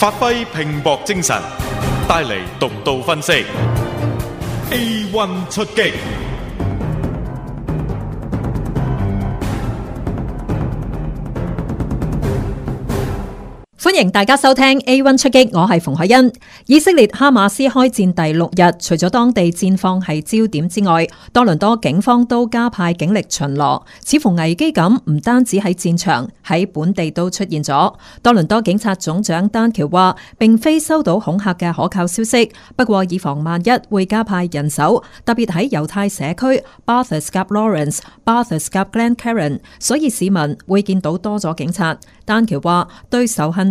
發揮拼搏精神，帶嚟獨到分析。A1 出擊。歡迎大家收聽 A1 出擊，我係馮海恩。以色列哈馬斯開戰第六日，除咗當地戰況係焦點之外，多倫多警方都加派警力巡邏，似乎危機感唔單止喺戰場，喺本地都出現咗。多倫多警察總長丹橋話，並非收到恐吓嘅可靠消息，不過以防萬一會加派人手，特別喺猶太社區。Bathurst 夾 Lawrence、Bathurst 夾 Glencairn，所以市民會見到多咗警察。丹橋話，對仇恨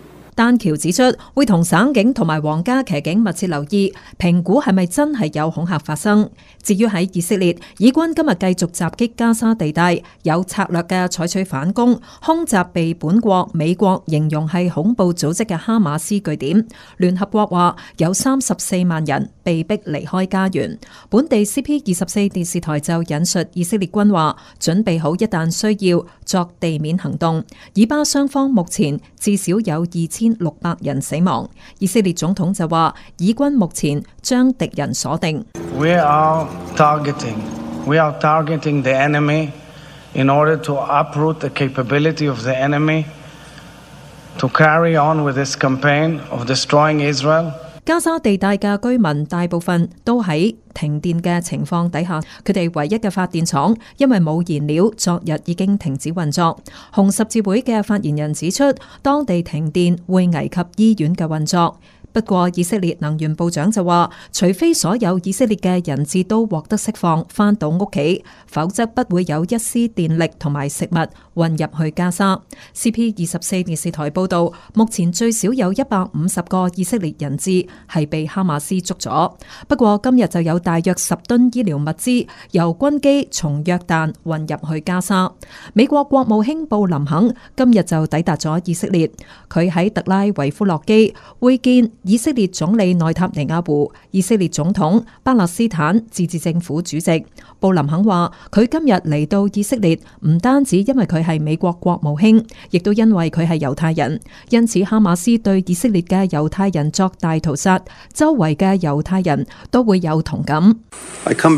單橋指出，會同省警同埋皇家騎警密切留意，評估係咪真係有恐嚇發生。至於喺以色列，以軍今日繼續襲擊加沙地帶，有策略嘅採取反攻，空襲被本國美國形容係恐怖組織嘅哈馬斯據點。聯合國話有三十四萬人被迫離開家園。本地 CP 二十四電視台就引述以色列軍話，準備好一旦需要，作地面行動，以巴雙方目前至少有二千六百人死亡。以色列總統就話：以軍目前將敵人鎖定。We are targeting, we are targeting the enemy in order to uproot the capability of the enemy to carry on with this campaign of destroying Israel. 加沙地帶嘅居民大部分都喺停電嘅情況底下，佢哋唯一嘅發電廠因為冇燃料，昨日已經停止運作。紅十字會嘅發言人指出，當地停電會危及醫院嘅運作。不過，以色列能源部長就話，除非所有以色列嘅人質都獲得釋放，翻到屋企，否則不會有一絲電力同埋食物運入去加沙。CP24 電視台報道，目前最少有一百五十個以色列人質係被哈馬斯捉咗。不過，今日就有大約十噸醫療物資由軍機從約旦運入去加沙。美國國務卿布林肯今日就抵達咗以色列，佢喺特拉維夫落機會見。以色列總理內塔尼亞胡、以色列總統、巴勒斯坦自治政府主席布林肯話：佢今日嚟到以色列，唔單止因為佢係美國國務卿，亦都因為佢係猶太人。因此，哈馬斯對以色列嘅猶太人作大屠殺，周圍嘅猶太人都會有同感。I come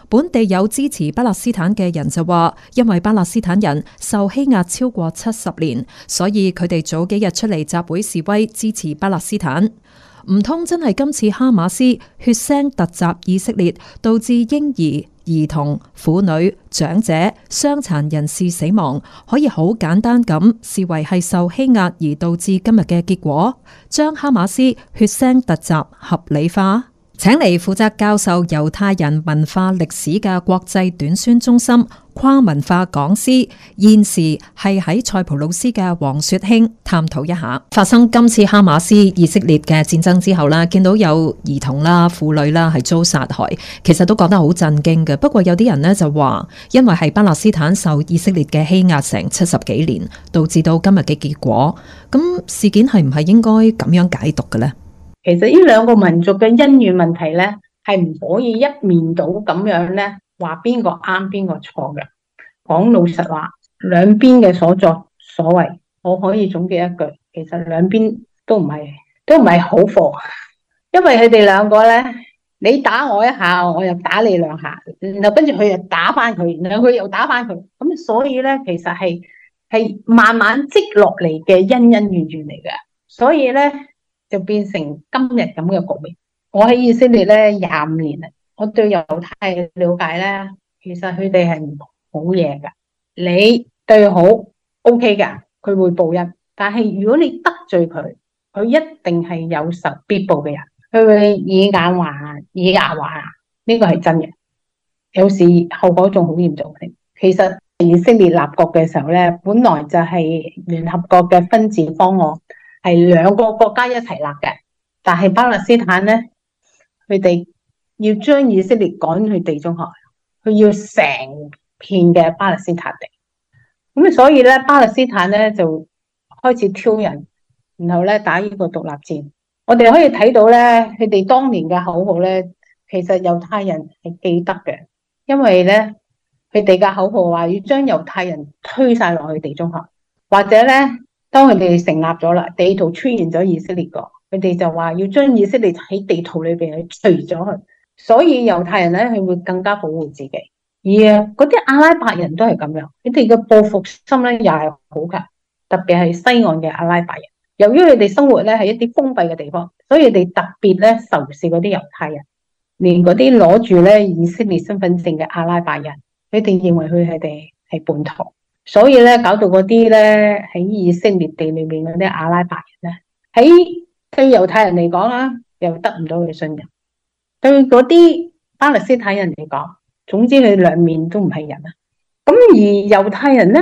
本地有支持巴勒斯坦嘅人就話，因為巴勒斯坦人受欺壓超過七十年，所以佢哋早幾日出嚟集會示威支持巴勒斯坦。唔通真係今次哈馬斯血腥突襲以色列，導致嬰兒、兒童、婦女、長者、傷殘人士死亡，可以好簡單咁視為係受欺壓而導致今日嘅結果，將哈馬斯血腥突襲合理化？請嚟負責教授猶太人文化歷史嘅國際短宣中心跨文化講師，現時係喺塞浦路斯嘅黃雪卿探討一下。發生今次哈馬斯以色列嘅戰爭之後咧，見到有兒童啦、婦女啦係遭殺害，其實都覺得好震驚的。不過有啲人呢就話，因為係巴勒斯坦受以色列嘅欺壓成七十幾年，導致到今日嘅結果，咁事件係唔係應該噉樣解讀嘅呢？其實呢兩個民族嘅恩怨問題咧，係唔可以一面倒咁樣咧，話邊個啱邊個錯嘅。講老實話，兩邊嘅所作所為，我可以總結一句，其實兩邊都唔係都唔係好貨。因為佢哋兩個咧，你打我一下，我又打你兩下，然後跟住佢又打翻佢，然後佢又打翻佢，咁所以咧，其實係係慢慢積落嚟嘅恩恩怨怨嚟嘅，所以咧。就變成今日咁嘅局面。我喺以色列咧廿五年啦，我對猶太嘅瞭解咧，其實佢哋係唔好嘢噶。你對好 O K 噶，佢會報恩。但係如果你得罪佢，佢一定係有仇必報嘅人。佢會以眼還以牙還，呢個係真嘅。有時後果仲好嚴重嘅。其實以色列立國嘅時候咧，本來就係聯合國嘅分治方案。係兩個國家一齊立嘅，但係巴勒斯坦咧，佢哋要將以色列趕去地中海，佢要成片嘅巴勒斯坦地。咁所以咧，巴勒斯坦咧就開始挑人，然後咧打呢個獨立戰。我哋可以睇到咧，佢哋當年嘅口號咧，其實猶太人係記得嘅，因為咧佢哋嘅口號話要將猶太人推晒落去地中海，或者咧。當佢哋成立咗啦，地圖出現咗以色列國，佢哋就話要將以色列喺地圖裏邊去除咗佢。所以猶太人咧，佢會更加保護自己。而啊，嗰啲阿拉伯人都係咁樣，佢哋嘅報復心咧又係好強，特別係西岸嘅阿拉伯人。由於佢哋生活咧係一啲封閉嘅地方，所以佢哋特別咧仇視嗰啲猶太人，連嗰啲攞住咧以色列身份證嘅阿拉伯人，佢哋認為佢係哋係本土。所以咧，搞到嗰啲咧喺以色列地裏面嗰啲阿拉伯人咧，喺對猶太人嚟講啦，又得唔到佢信任；對嗰啲巴勒斯坦人嚟講，總之佢兩面都唔係人啦。咁而猶太人咧，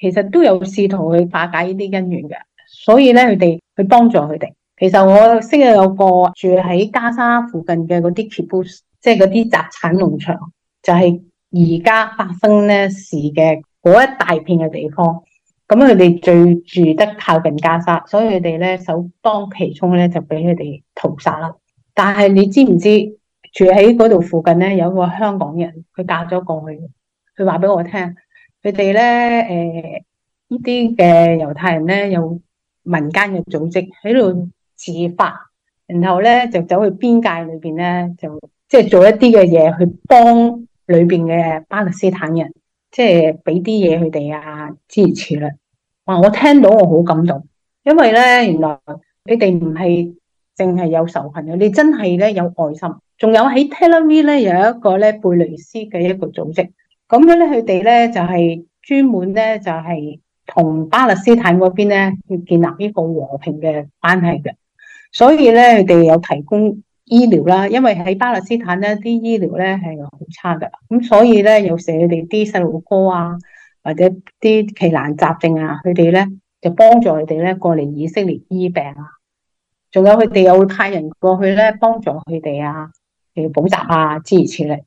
其實都有試圖去化解呢啲恩怨嘅。所以咧，佢哋去幫助佢哋。其實我識日有個住喺加沙附近嘅嗰啲 Kibbutz 即係嗰啲集產農場，就係而家發生呢事嘅。嗰一大片嘅地方，咁佢哋最住得靠近加沙，所以佢哋咧首當其衝咧就俾佢哋屠殺啦。但係你知唔知住喺嗰度附近咧，有個香港人佢嫁咗過去，佢話俾我聽，佢哋咧誒，呢啲嘅猶太人咧有民間嘅組織喺度自發，然後咧就走去邊界裏邊咧就即係、就是、做一啲嘅嘢去幫裏邊嘅巴勒斯坦人。即係俾啲嘢佢哋啊，支持啦。哇，我聽到我好感動，因為咧原來你哋唔係淨係有仇恨嘅，你真係咧有愛心。仲有喺 Tel Aviv 呢咧，有一個咧貝雷斯嘅一個組織，咁樣咧佢哋咧就係、是、專門咧就係、是、同巴勒斯坦嗰邊咧要建立呢個和平嘅關係嘅，所以咧佢哋有提供。醫療啦，因為喺巴勒斯坦咧，啲醫療咧係好差噶，咁所以咧有時佢哋啲細路哥啊，或者啲奇難雜症啊，佢哋咧就幫助佢哋咧過嚟以色列醫病啊，仲有佢哋又派人過去咧幫助佢哋啊，誒補習啊，諸如此類。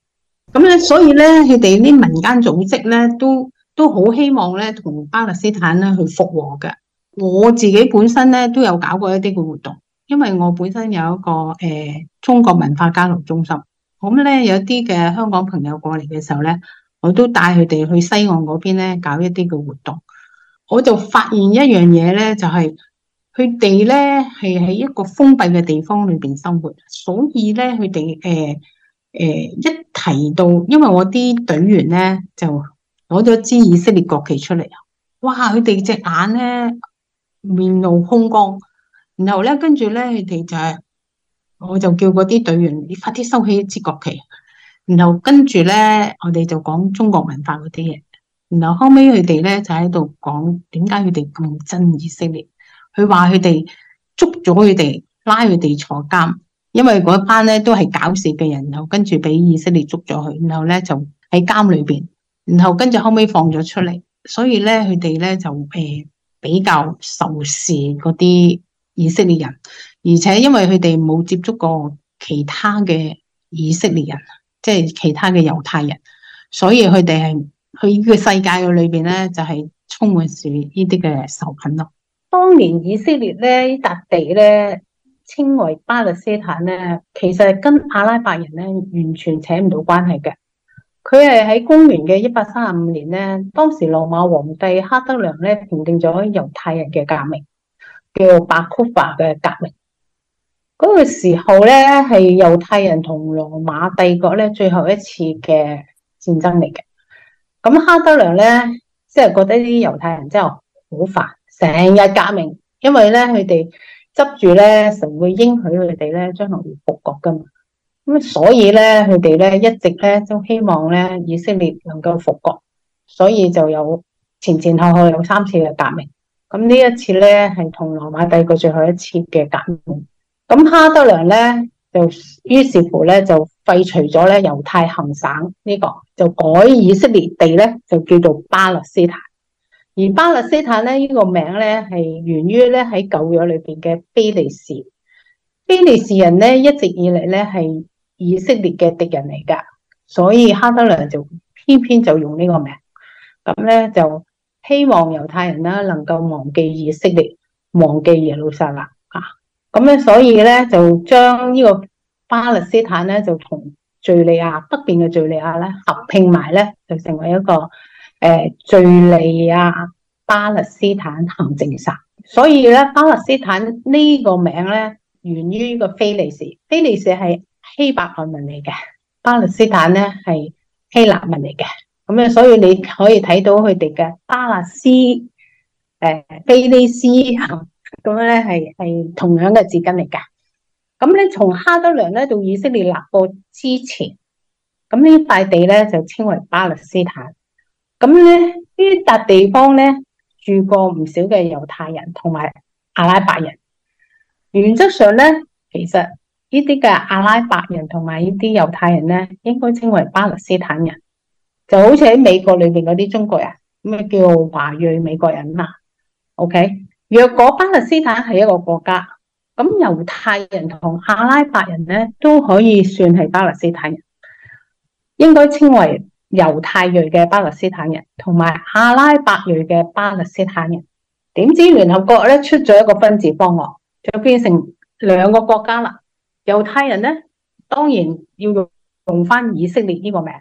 咁咧，所以咧佢哋啲民間組織咧都都好希望咧同巴勒斯坦咧去復和嘅。我自己本身咧都有搞過一啲嘅活動。因為我本身有一個誒、呃、中國文化交流中心，咁咧有啲嘅香港朋友過嚟嘅時候咧，我都帶佢哋去西岸嗰邊咧搞一啲嘅活動，我就發現一樣嘢咧，就係佢哋咧係喺一個封閉嘅地方裏邊生活，所以咧佢哋誒誒一提到，因為我啲隊員咧就攞咗支以色列國旗出嚟啊，哇！佢哋隻眼咧面露凶光。然後咧，跟住咧，佢哋就係，我就叫嗰啲隊員，你快啲收起一支國旗。然後跟住咧，我哋就講中國文化嗰啲嘢。然後後尾，佢哋咧就喺度講，點解佢哋咁憎以色列？佢話佢哋捉咗佢哋，拉佢哋坐監，因為嗰班咧都係搞事嘅人。然後跟住俾以色列捉咗佢，然後咧就喺監裏邊。然後跟住後尾放咗出嚟，所以咧佢哋咧就誒比較仇視嗰啲。以色列人，而且因為佢哋冇接觸過其他嘅以色列人，即係其他嘅猶太人，所以佢哋係呢個世界裏邊咧，就係充滿住呢啲嘅仇恨咯。當年以色列咧呢笪地咧稱為巴勒斯坦咧，其實係跟阿拉伯人咧完全扯唔到關係嘅。佢係喺公元嘅一百三十五年咧，當時羅馬皇帝哈德良咧平定咗猶太人嘅革命，叫做白庫巴嘅革命，嗰、那個時候咧係猶太人同羅馬帝國咧最後一次嘅戰爭嚟嘅。咁哈德良咧，即係覺得啲猶太人真係好煩，成日革命，因為咧佢哋執住咧神會應許佢哋咧將來會復國噶嘛。咁所以咧佢哋咧一直咧都希望咧以色列能夠復國，所以就有前前後後有三次嘅革命。咁、嗯、呢一次咧，係同羅馬帝國最後一次嘅革命。咁哈德良咧，就於是乎咧，就廢除咗咧猶太行省呢、這個，就改以色列地咧，就叫做巴勒斯坦。而巴勒斯坦咧呢、這個名咧，係源於咧喺舊約裏面嘅非利士。非利士人咧一直以嚟咧係以色列嘅敵人嚟㗎，所以哈德良就偏偏就用呢個名，咁咧就。希望猶太人啦能夠忘記以色列，忘記耶路撒冷啊！咁咧，所以咧就將呢個巴勒斯坦咧就同敍利亞北邊嘅敍利亞咧合拼埋咧，就成為一個誒呃敍利亞巴勒斯坦行政實。所以咧巴勒斯坦呢個名咧源於呢個菲利斯，菲利斯係希伯來文嚟嘅，巴勒斯坦咧係希臘文嚟嘅。咁樣所以你可以睇到佢哋嘅巴勒斯、誒菲利斯嚇，咁樣咧係係同樣嘅字根嚟㗎。咁咧，從哈德良咧到以色列立國之前，咁呢塊地咧就稱為巴勒斯坦。咁咧，呢笪地方咧住過唔少嘅猶太人同埋阿拉伯人。原則上咧，其實呢啲嘅阿拉伯人同埋呢啲猶太人咧，應該稱為巴勒斯坦人。就好似喺美國裏面嗰啲中國人，咩叫華裔美國人啦？OK，若果巴勒斯坦係一個國家，咁猶太人同阿拉伯人咧都可以算係巴勒斯坦人，應該稱為猶太裔嘅巴勒斯坦人，同埋阿拉伯裔嘅巴勒斯坦人。點知聯合國咧出咗一個分治方案，就變成兩個國家啦。猶太人咧當然要用用翻以色列呢個名。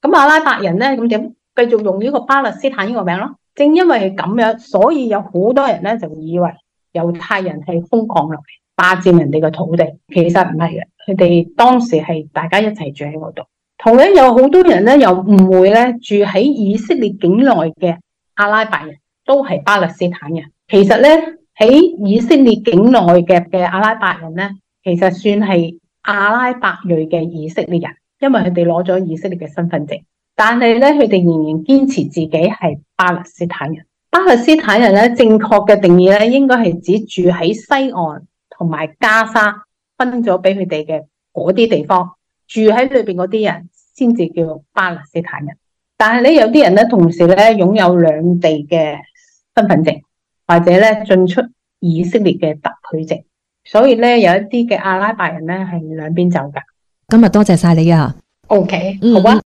咁阿拉伯人咧，咁點繼續用呢個巴勒斯坦呢個名咯？正因為係咁樣，所以有好多人咧就以為猶太人係瘋狂落嚟霸佔人哋嘅土地，其實唔係嘅。佢哋當時係大家一齊住喺嗰度。同樣有好多人咧又誤會咧住喺以色列境內嘅阿拉伯人，都係巴勒斯坦人。其實咧喺以色列境內嘅嘅阿拉伯人咧，其實算係阿拉伯裔嘅以色列人。因為佢哋攞咗以色列嘅身份證，但係咧，佢哋仍然堅持自己係巴勒斯坦人。巴勒斯坦人咧，正確嘅定義咧，應該係指住喺西岸同埋加沙分咗俾佢哋嘅嗰啲地方住喺裏邊嗰啲人，先至叫巴勒斯坦人。但係咧，有啲人咧，同時咧擁有兩地嘅身份證，或者咧進出以色列嘅特許證，所以咧有一啲嘅阿拉伯人咧係兩邊走噶。今日多謝晒你啊！OK，嗯，好啊。